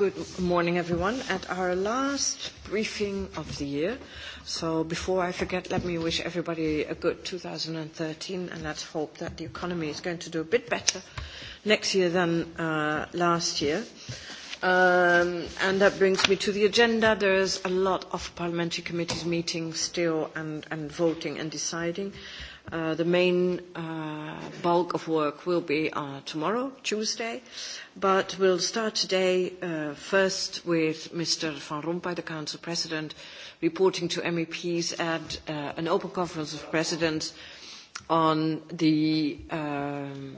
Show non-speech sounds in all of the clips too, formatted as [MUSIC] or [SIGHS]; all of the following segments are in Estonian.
Good morning, everyone, at our last briefing of the year. So before I forget, let me wish everybody a good 2013, and let's hope that the economy is going to do a bit better next year than uh, last year. Um, and that brings me to the agenda. There's a lot of parliamentary committees meeting still and, and voting and deciding. Uh, Uh, the main uh, bulk of work will be uh, tomorrow, Tuesday, but we'll start today uh, first with Mr. Van Rompuy, the Council President, reporting to MEPs at uh, an open conference of presidents on the um,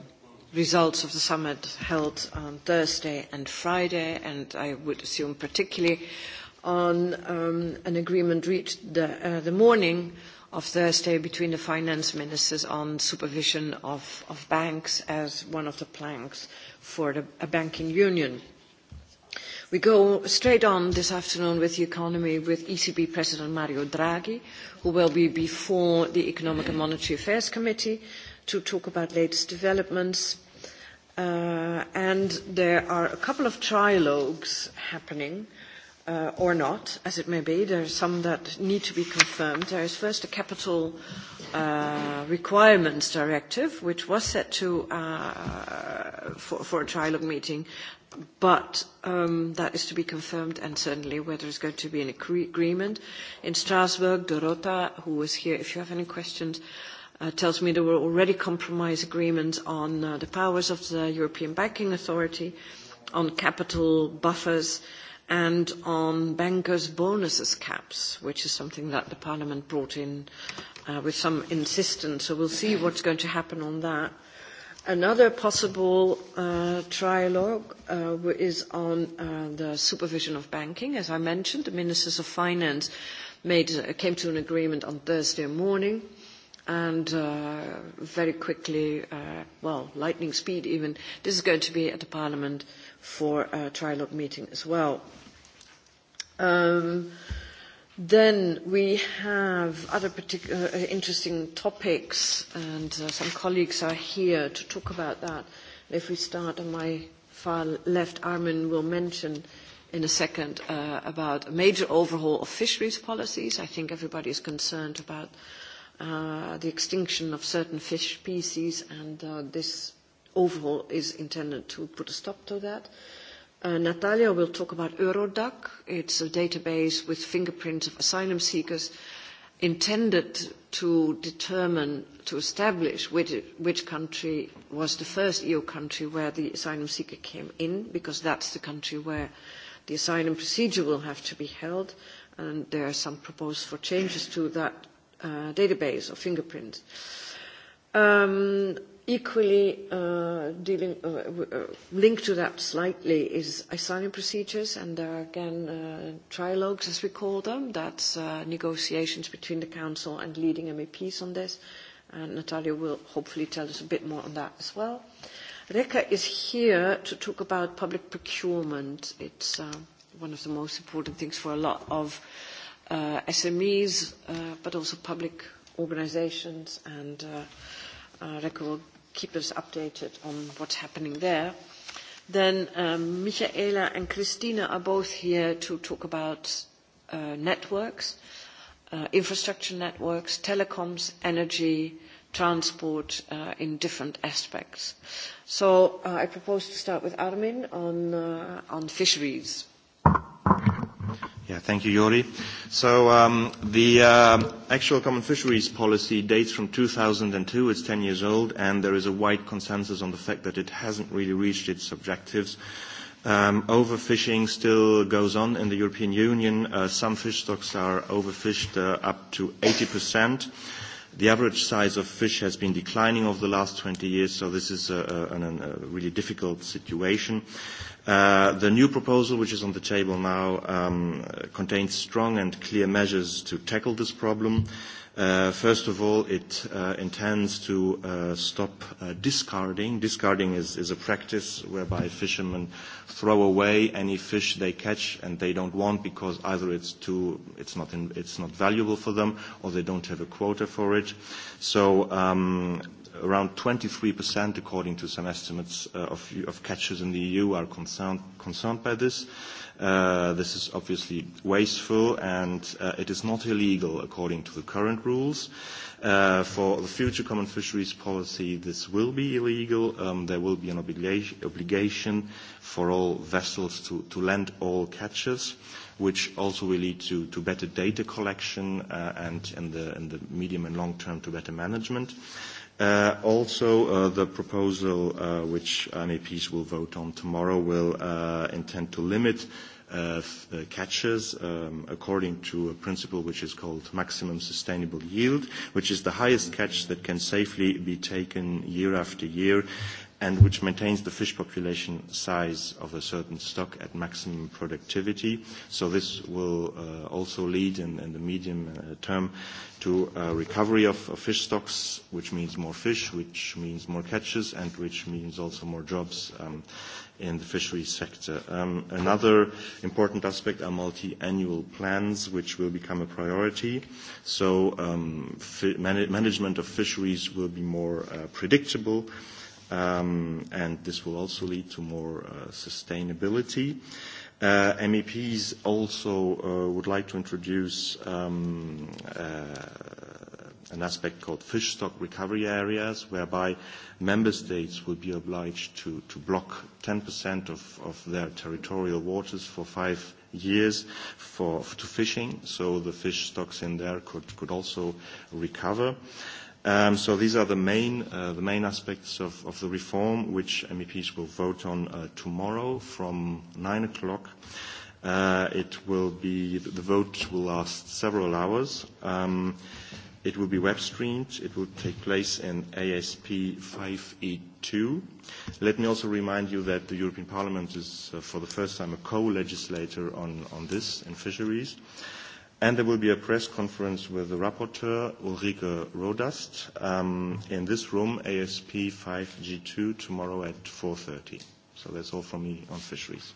results of the summit held on Thursday and Friday, and I would assume particularly on um, an agreement reached the, uh, the morning of Thursday between the finance ministers on supervision of, of banks as one of the planks for the, a banking union. We go straight on this afternoon with the economy with ECB President Mario Draghi, who will be before the Economic and Monetary Affairs Committee to talk about latest developments. Uh, and there are a couple of trilogues happening. Uh, uh, or not, as it may be. There are some that need to be confirmed. There is first a capital uh, requirements directive, which was set to uh, for, for a trilogue meeting, but um, that is to be confirmed, and certainly whether there's going to be an agreement. In Strasbourg, Dorota, who was here, if you have any questions, uh, tells me there were already compromise agreements on uh, the powers of the European Banking Authority, on capital buffers, uh, and on bankers' bonuses caps, which is something that the Parliament brought in uh, with some insistence. So we'll see what's going to happen on that. Another possible uh, trialogue uh, is on uh, the supervision of banking. As I mentioned, the Ministers of Finance made, uh, came to an agreement on Thursday morning. Uh, and uh, very quickly, uh, well, lightning speed even, this is going to be at the Parliament for a trilogue meeting as well. Um, then we have other particular uh, interesting topics, and uh, some colleagues are here to talk about that. If we start on my far left, Armin will mention in a second uh, about a major overhaul of fisheries policies. I think everybody is concerned about uh, uh, the extinction of certain fish species, and uh, this overhaul is intended to put a stop to that. Uh, Natalia will talk about Eurodac. It's a database with fingerprints of asylum seekers intended to determine, to establish which, which country was the first EU country where the asylum seeker came in, because that's the country where the asylum procedure will have to be held. And there are some proposals for changes to that uh, database of fingerprints. Um, equally uh, dealing, uh, uh, linked to that slightly is asylum procedures, and there are again uh, trilogues, as we call them. That's uh, negotiations between the council and leading MEPs on this. And Natalia will hopefully tell us a bit more on that as well. Reka is here to talk about public procurement. It's uh, one of the most important things for a lot of uh, uh, SMEs, uh, but also public organizations and uh, uh, record keepers updated on what's happening there. Then um, Michaela and Christina are both here to talk about uh, networks, uh, infrastructure networks, telecoms, energy, transport uh, in different aspects. So uh, I propose to start with Armin on, uh, on fisheries. Yeah, thank you, Jori. So um, the uh, actual common fisheries policy dates from 2002. It's 10 years old, and there is a wide consensus on the fact that it hasn't really reached its objectives. Um, overfishing still goes on in the European Union. Uh, some fish stocks are overfished uh, up to 80 percent. The average size of fish has been declining over the last 20 years, so this is a, a, a really difficult situation. Uh, the new proposal, which is on the table now, um, contains strong and clear measures to tackle this problem. Uh, Uh, first of all, it uh, intends to uh, stop uh, discarding. Discarding is, is a practice whereby fishermen throw away any fish they catch and they don't want because either it's too, it's not, in, it's not valuable for them or they don't have a quota for it. So um, around 23%, according to some estimates, uh, of, of catches in the EU are concerned, concerned by this. Uh, this is obviously wasteful, and uh, it is not illegal according to the current rules. Uh, for the future common fisheries policy, this will be illegal. Um, there will be an obliga- obligation for all vessels to, to land all catches, which also will lead to, to better data collection uh, and in the, in the medium and long term to better management. Uh, Uh, also, uh, the proposal uh, which MEPs will vote on tomorrow will uh, intend to limit uh, f- uh, catches um, according to a principle which is called maximum sustainable yield, which is the highest catch that can safely be taken year after year and which maintains the fish population size of a certain stock at maximum productivity. So this will uh, also lead in, in the medium uh, term to uh, recovery of, of fish stocks, which means more fish, which means more catches, and which means also more jobs um, in the fisheries sector. Um, another important aspect are multi-annual plans, which will become a priority. So um, fi- man- management of fisheries will be more uh, predictable. Uh, um, and this will also lead to more uh, sustainability. Uh, MEPs also uh, would like to introduce um, uh, an aspect called fish stock recovery areas, whereby member states will be obliged to, to block 10% of, of their territorial waters for five years for, to fishing, so the fish stocks in there could, could also recover. Uh, Um, so these are the main, uh, the main aspects of, of the reform, which MEPs will vote on uh, tomorrow from 9 o'clock. Uh, it will be, the vote will last several hours. Um, it will be web streamed. It will take place in ASP 5E2. E Let me also remind you that the European Parliament is, uh, for the first time, a co-legislator on, on this in fisheries. Uh, And there will be a press conference with the rapporteur, Ulrike Rodast, um, in this room, ASP 5G2, tomorrow at 4.30. So that's all from me on fisheries.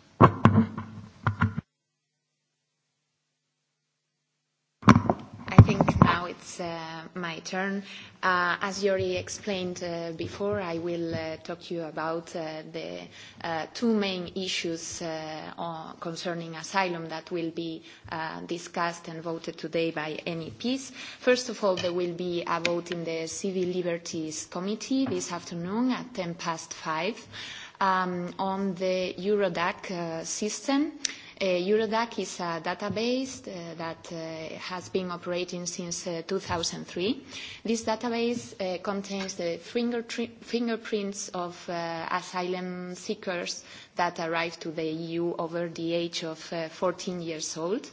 my turn. Uh, as Yuri explained uh, before, I will uh, talk to you about uh, the uh, two main issues uh, on, concerning asylum that will be uh, discussed and voted today by MEPs. First of all, there will be a vote in the Civil Liberties Committee this afternoon at 10 past 5 um, on the Eurodac uh, system. Uh, Uh, Eurodac is a database uh, that uh, has been operating since uh, 2003. This database uh, contains the finger fingerprints of uh, asylum seekers that arrived to the EU over the age of uh, 14 years old.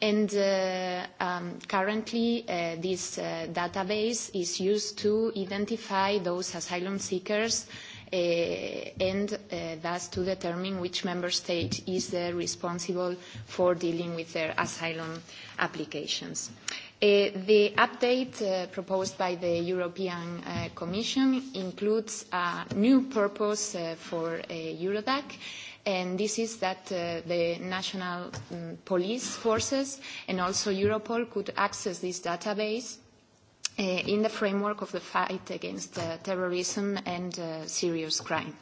And uh, um, currently, uh, this uh, database is used to identify those asylum seekers uh, uh, and uh, thus to determine which member state is uh, responsible for dealing with their asylum applications. Uh, the update uh, proposed by the European uh, Commission includes a new purpose uh, for uh, Eurodac, and this is that uh, the national um, police forces and also Europol could access this database uh, uh, in the framework of the fight against uh, terrorism and uh, serious crime.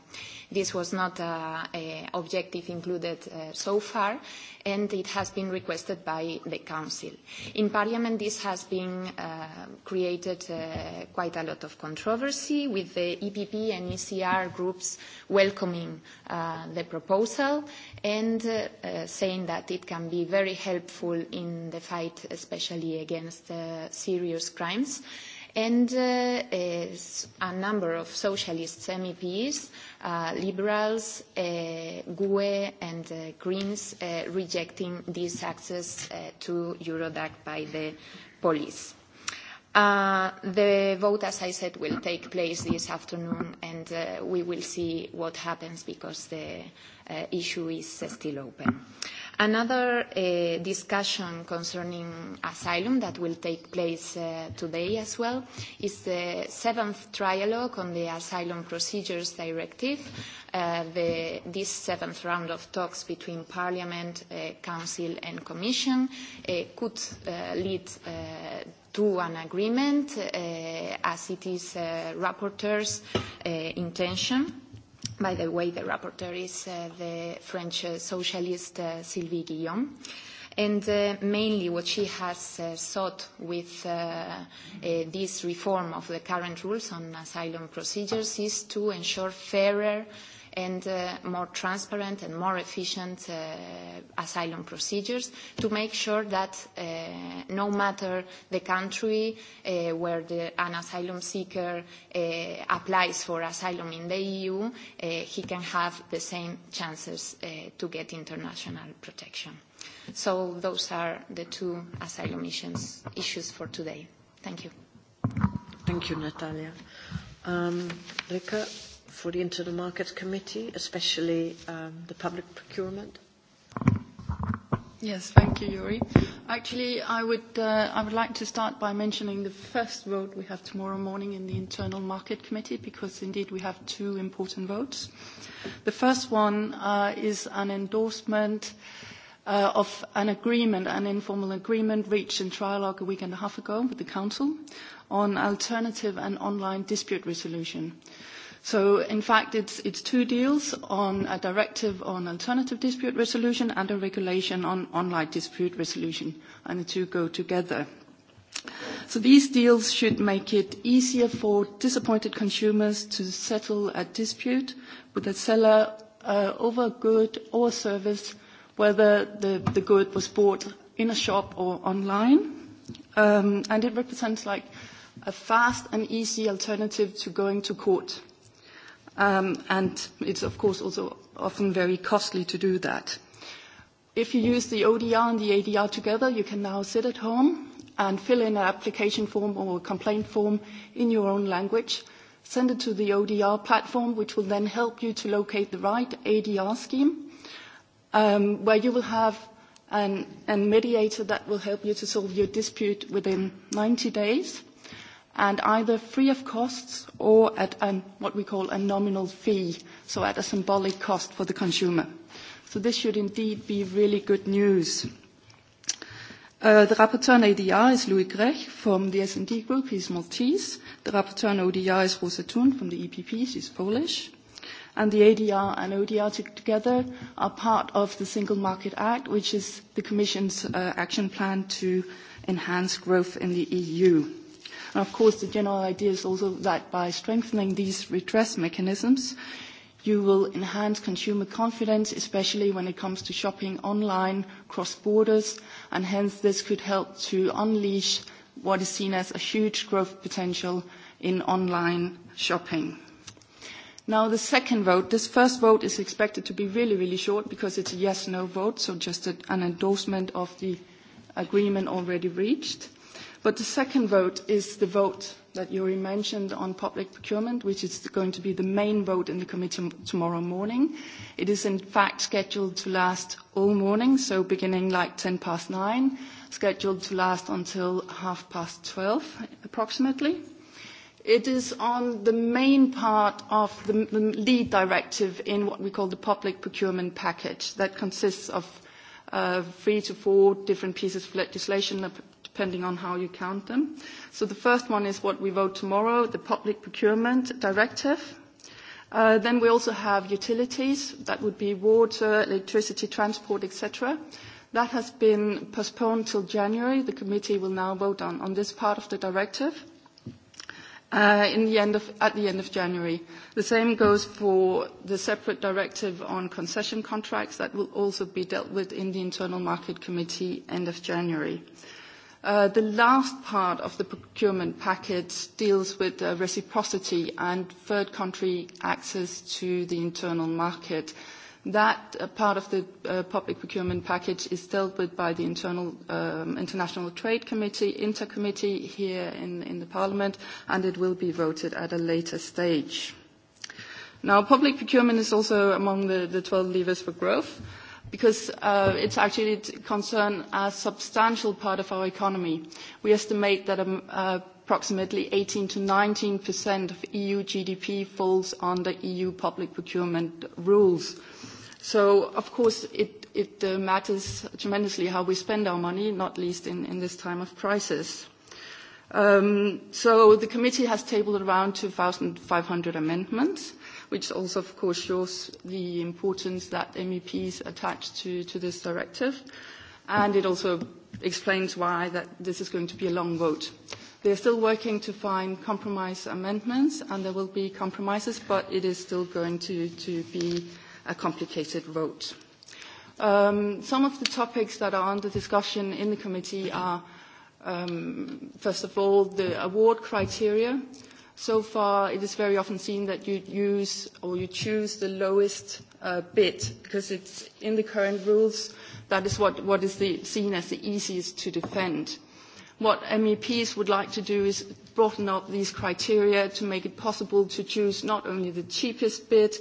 This was not an uh, uh, objective included uh, so far, and it has been requested by the Council. In Parliament, this has been uh, created uh, quite a lot of controversy, with the EPP and ECR groups welcoming uh, the proposal and uh, uh, saying that it can be very helpful in the fight, especially against uh, serious crimes. Uh, and uh, a number of socialists, MEPs, uh, liberals, uh, GUE and uh, Greens uh, rejecting this access uh, to Eurodac by the police. Uh, the vote, as I said, will take place this afternoon, and uh, we will see what happens because the uh, issue is uh, still open. Uh, Another uh, discussion concerning asylum that will take place uh, today as well is the seventh trialogue on the Asylum Procedures Directive, uh, the, this seventh round of talks between Parliament, uh, Council and Commission uh, could uh, lead uh, to an agreement uh, as it is uh, rapporteur's uh, intention. By the way, the rapporteur is uh, the French uh, socialist uh, Sylvie Guillon. And uh, mainly what she has uh, sought with uh, uh, this reform of the current rules on asylum procedures is to ensure fairer uh, and uh, more transparent and more efficient uh, asylum procedures to make sure that uh, no matter the country uh, where the, an asylum seeker uh, applies for asylum in the EU, uh, he can have the same chances uh, to get international protection. So those are the two asylum issues, issues for today. Thank you. Thank you, Natalia. Um, Rika, for the Internal Market Committee, especially um, the public procurement? Yes, thank you, Yuri. Actually, I would, uh, I would like to start by mentioning the first vote we have tomorrow morning in the Internal Market Committee, because indeed we have two important votes. The first one uh, is an endorsement uh, of an agreement, an informal agreement reached in trialogue a week and a half ago with the Council on alternative and online dispute resolution. Uh, So in fact, it's, it's two deals on a directive on alternative dispute resolution and a regulation on online dispute resolution, and the two go together. So these deals should make it easier for disappointed consumers to settle a dispute with a seller uh, over a good or a service, whether the, the good was bought in a shop or online. Um, and it represents like a fast and easy alternative to going to court Um, and it's, of course, also often very costly to do that. If you use the ODR and the ADR together, you can now sit at home and fill in an application form or a complaint form in your own language, send it to the ODR platform, which will then help you to locate the right ADR scheme, um, where you will have an, a mediator that will help you to solve your dispute within 90 days and either free of costs or at an, what we call a nominal fee, so at a symbolic cost for the consumer. So this should indeed be really good news. Uh, the rapporteur on ADR is Louis Grech from the S&D Group. He's Maltese. The rapporteur on ODR is Rosa Thun from the EPP. She's Polish. And the ADR and ODR together are part of the Single Market Act, which is the Commission's uh, action plan to enhance growth in the EU. And of course, the general idea is also that by strengthening these redress mechanisms, you will enhance consumer confidence, especially when it comes to shopping online, cross borders, and hence this could help to unleash what is seen as a huge growth potential in online shopping. Now, the second vote, this first vote is expected to be really, really short because it's a yes/no vote, so just a, an endorsement of the agreement already reached. But the second vote is the vote that Yuri mentioned on public procurement, which is going to be the main vote in the committee tomorrow morning. It is in fact scheduled to last all morning, so beginning like 10 past 9, scheduled to last until half past 12 approximately. It is on the main part of the lead directive in what we call the public procurement package that consists of uh, three to four different pieces of legislation depending on how you count them. So the first one is what we vote tomorrow, the Public Procurement Directive. Uh, then we also have utilities, that would be water, electricity, transport, etc. That has been postponed till January. The committee will now vote on, on this part of the directive uh, in the end of, at the end of January. The same goes for the separate directive on concession contracts that will also be dealt with in the Internal Market Committee end of January. Uh, Uh, the last part of the procurement package deals with uh, reciprocity and third country access to the internal market. That uh, part of the uh, public procurement package is dealt with by the internal, um, International Trade Committee, Intercommittee here in, in the Parliament, and it will be voted at a later stage. Now, public procurement is also among the, the 12 levers for growth. Uh, because uh, it's actually it concern a substantial part of our economy. We estimate that um, uh, approximately 18%-19% of EU GDP falls under EU public procurement rules. So of course, it, it uh, matters tremendously how we spend our money, not least in, in this time of crisis. Um, so the committee has tabled around 2,500 amendments, which also, of course, shows the importance that MEPs attach to, to this directive. And it also explains why that this is going to be a long vote. They are still working to find compromise amendments, and there will be compromises, but it is still going to, to be a complicated vote. Um, some of the topics that are under discussion in the committee are, um, first of all, the award criteria. Uh, So far, it is very often seen that you use or you choose the lowest uh, bid because it's in the current rules, that is what, what is the, seen as the easiest to defend. What MEPs would like to do is broaden up these criteria to make it possible to choose not only the cheapest bid,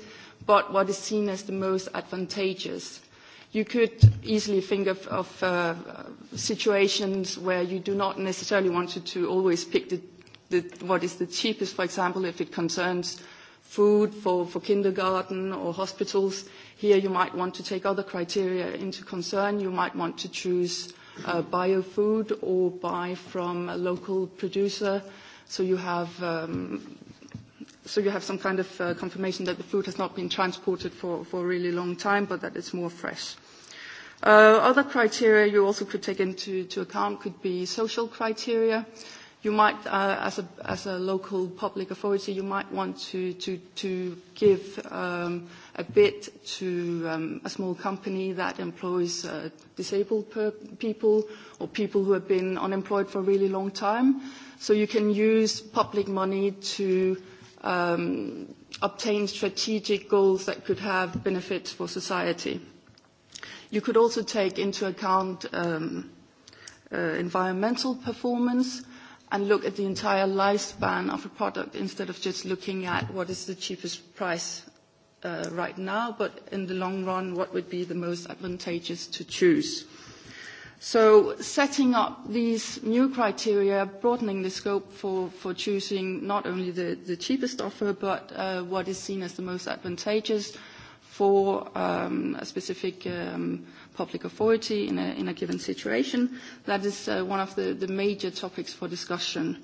but what is seen as the most advantageous. You could easily think of, of uh, situations where you do not necessarily want to, to always pick the the, what is the cheapest, for example, if it concerns food for, for kindergarten or hospitals. Here you might want to take other criteria into concern. You might want to choose uh, biofood or buy from a local producer. So you have, um, so you have some kind of uh, confirmation that the food has not been transported for, for a really long time, but that it's more fresh. Uh, other criteria you also could take into to account could be social criteria. Uh, you might, uh, as, a, as a local public authority, you might want to, to, to give um, a bid to um, a small company that employs uh, disabled per- people or people who have been unemployed for a really long time. So you can use public money to um, obtain strategic goals that could have benefits for society. You could also take into account um, uh, environmental performance and look at the entire lifespan of a product instead of just looking at what is the cheapest price uh, right now, but in the long run, what would be the most advantageous to choose. So setting up these new criteria, broadening the scope for, for choosing not only the, the cheapest offer, but uh, what is seen as the most advantageous for um, a specific um, public authority in a, in a given situation. That is uh, one of the, the major topics for discussion.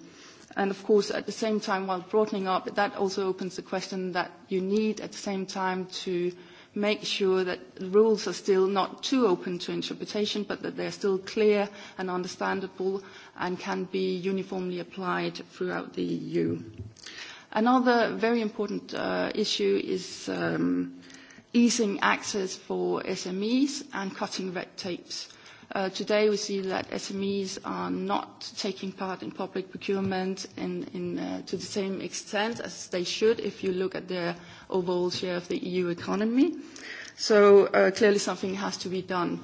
And of course, at the same time, while broadening up, that also opens the question that you need at the same time to make sure that rules are still not too open to interpretation, but that they're still clear and understandable and can be uniformly applied throughout the EU. Another very important uh, issue is um, uh, easing access for SMEs and cutting red tapes. Uh, today, we see that SMEs are not taking part in public procurement in, in, uh, to the same extent as they should if you look at their overall share of the EU economy. So uh, clearly something has to be done.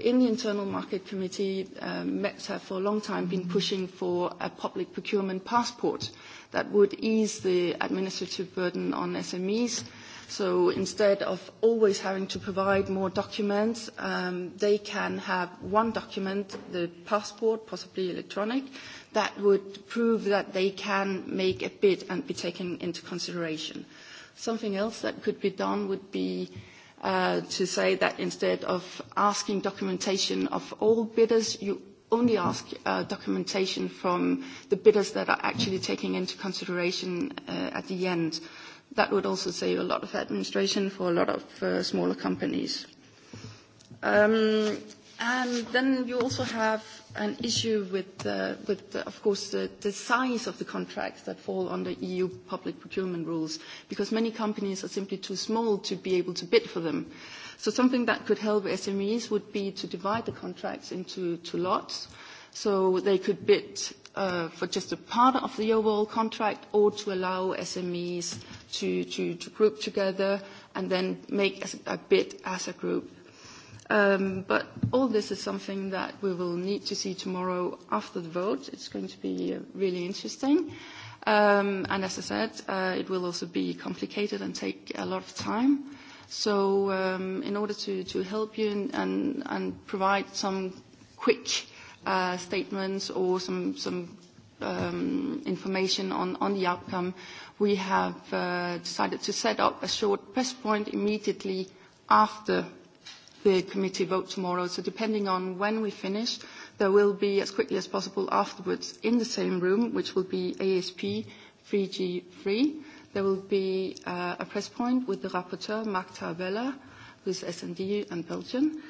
In the Internal Market Committee, uh, MEPS have for a long time been pushing for a public procurement passport that would ease the administrative burden on SMEs uh, So instead of always having to provide more documents, um, they can have one document, the passport, possibly electronic, that would prove that they can make a bid and be taken into consideration. Something else that could be done would be uh, to say that instead of asking documentation of all bidders, you only ask uh, documentation from the bidders that are actually taking into consideration uh, at the end. Uh, that would also save a lot of administration for a lot of uh, smaller companies. Um, and then you also have an issue with, uh, with uh, of course, the, the size of the contracts that fall under EU public procurement rules, because many companies are simply too small to be able to bid for them. So something that could help SMEs would be to divide the contracts into two lots, so they could bid uh, for just a part of the overall contract or to allow SMEs to, to, to group together and then make a bid as a group. Um, but all this is something that we will need to see tomorrow after the vote. It's going to be uh, really interesting. Um, and as I said, uh, it will also be complicated and take a lot of time. So um, in order to, to help you and, and, and provide some quick uh, statements or some, some um, information on, on the outcome, we have uh, decided to set up a short press point immediately after the committee vote tomorrow. So depending on when we finish, there will be, as quickly as possible afterwards, in the same room, which will be ASP 3G3, there will be uh, a press point with the rapporteur, Mark Tarabella, who's S&D and Belgian,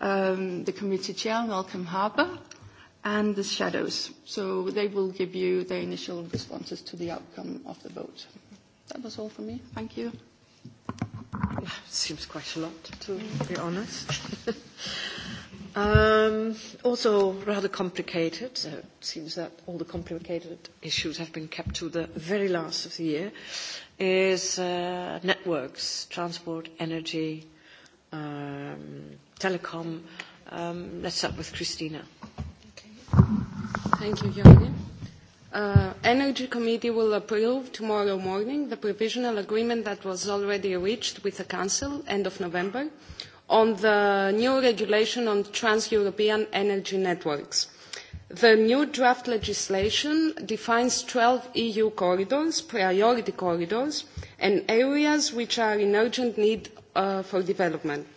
um, the committee chair, Malcolm Harper, and the shadows. So they will give you their initial responses to the outcome of the vote. That was all for me. Thank you. [SIGHS] Seems quite a lot, to mm. be honest. [LAUGHS] um, also rather complicated. So it seems that all the complicated issues have been kept to the very last of the year. Is uh, networks, transport, energy, um, telecom. Um, let's start with Christina. Thank Thank you, Gianni. Uh, Energy Committee will approve tomorrow morning the provisional agreement that was already reached with the Council end of November on the new regulation on trans-European energy networks. The new draft legislation defines 12 EU corridors, priority corridors, and areas which are in urgent need uh, for development.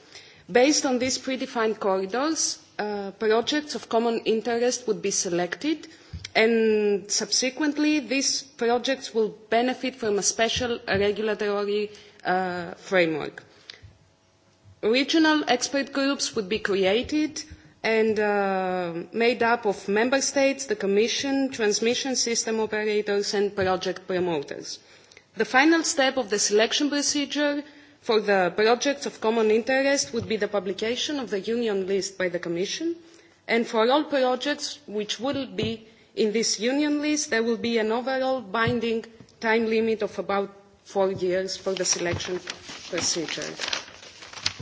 Based on these predefined corridors, uh, projects of common interest would be selected and subsequently these projects will benefit from a special regulatory uh, framework. Regional expert groups would be created and uh, made up of member states, the commission, transmission system operators and project promoters. The final step of the selection procedure for the projects of common interest would be the publication of the union list by the commission and for all projects which will be in this union list there will be an overall binding time limit of about four years for the selection procedure.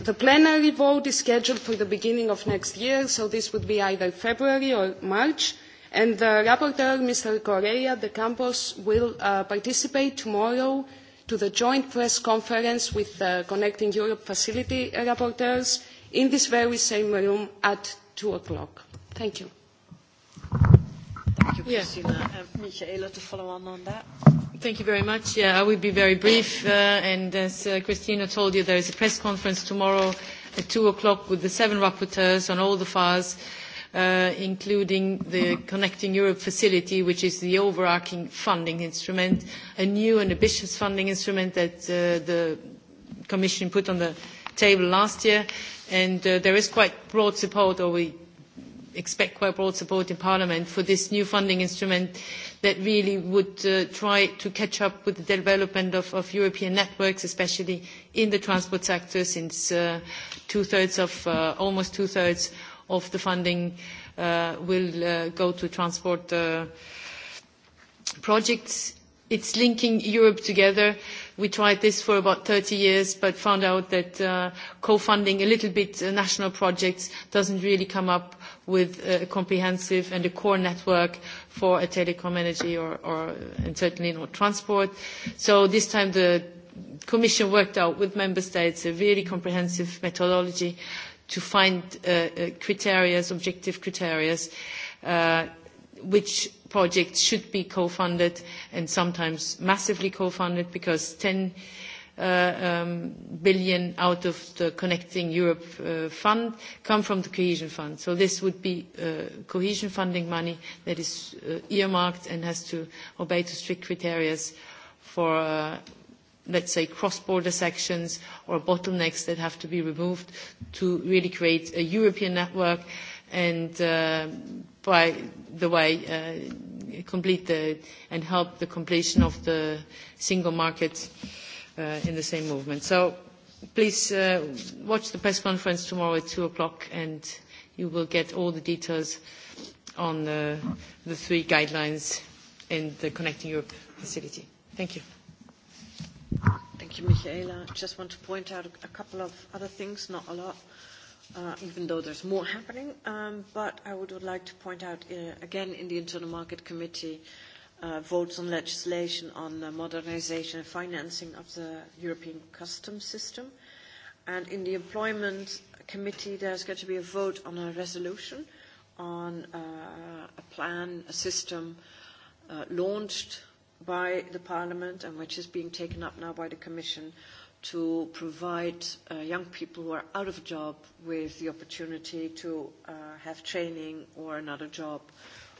The plenary vote is scheduled for the beginning of next year, so this would be either February or March, and the rapporteur, Mr. Correa de Campos, will uh, participate tomorrow to the joint press conference with the Connecting Europe facility rapporteurs in this very same room at 2 o'clock. Thank you. Thank you, Christina. Yeah. Uh, Michaela, to follow on on that. Thank you very much. Yeah, I will be very brief. Uh, and as uh, Christina told you, there is a press conference tomorrow at 2 o'clock with the seven rapporteurs on all the files. Uh, uh, including the Connecting Europe facility, which is the overarching funding instrument, a new and ambitious funding instrument that uh, the Commission put on the table last year. And uh, there is quite broad support, or we expect quite broad support in Parliament for this new funding instrument that really would uh, try to catch up with the development of, of European networks, especially in the transport sector, since uh, two-thirds of, uh, almost two-thirds of the funding uh, will uh, go to transport uh, projects. It's linking Europe together. We tried this for about 30 years, but found out that uh, co-funding a little bit uh, national projects doesn't really come up with uh, a comprehensive and a core network for a telecom energy or, or and certainly not transport. So this time the Commission worked out with member states a really comprehensive methodology to find uh, uh, criterias, objective criterias, uh, which projects should be co-funded and sometimes massively co-funded because 10 uh, um, billion out of the Connecting Europe uh, fund come from the cohesion fund. So this would be uh, cohesion funding money that is uh, earmarked and has to obey to strict criteria for uh, let's say, cross-border sections or bottlenecks that have to be removed to really create a European network and, uh, by the way, uh, complete the, and help the completion of the single market uh, in the same movement. So please uh, watch the press conference tomorrow at 2 o'clock and you will get all the details on uh, the three guidelines in the Connecting Europe facility. Thank you. Thank you, Michaela. I just want to point out a couple of other things, not a lot, uh, even though there's more happening. Um, but I would, would like to point out, uh, again, in the Internal Market Committee, uh, votes on legislation on the modernization and financing of the European customs system. And in the Employment Committee, there's going to be a vote on a resolution on uh, a plan, a system uh, launched – by the Parliament and which is being taken up now by the Commission to provide uh, young people who are out of job with the opportunity to uh, have training or another job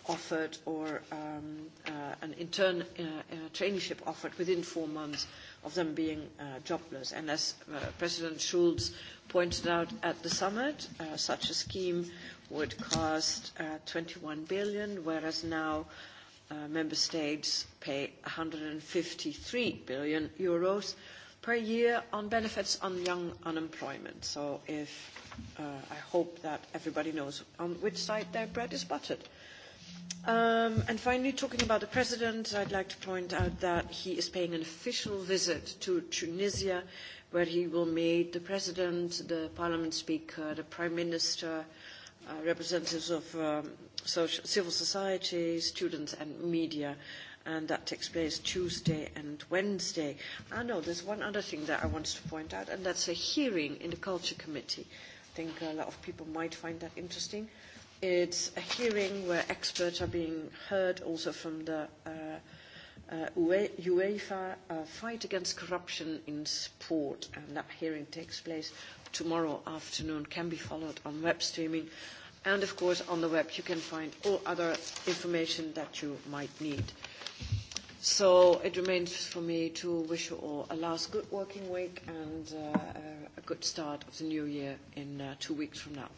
offered or um, uh, an intern uh, uh, traineeship offered within four months of them being uh, jobless. And as uh, President Schulz pointed out at the summit, uh, such a scheme would cost uh, 21 billion, whereas now uh, uh, member states pay 153 billion euros per year on benefits on young unemployment. So if uh, I hope that everybody knows on which side their bread is buttered. Um, and finally, talking about the president, I'd like to point out that he is paying an official visit to Tunisia, where he will meet the president, the parliament speaker, the prime minister, uh, uh, representatives of um, social, civil society, students and media, and that takes place Tuesday and Wednesday. I ah, know there's one other thing that I wanted to point out, and that's a hearing in the Culture Committee. I think a lot of people might find that interesting. It's a hearing where experts are being heard also from the uh, uh, e, UEFA uh, Fight Against Corruption in Sport, and that hearing takes place tomorrow afternoon, can be followed on web streaming. And of course, on the web, you can find all other information that you might need. So it remains for me to wish you all a last good working week and uh, a good start of the new year in uh, two weeks from now.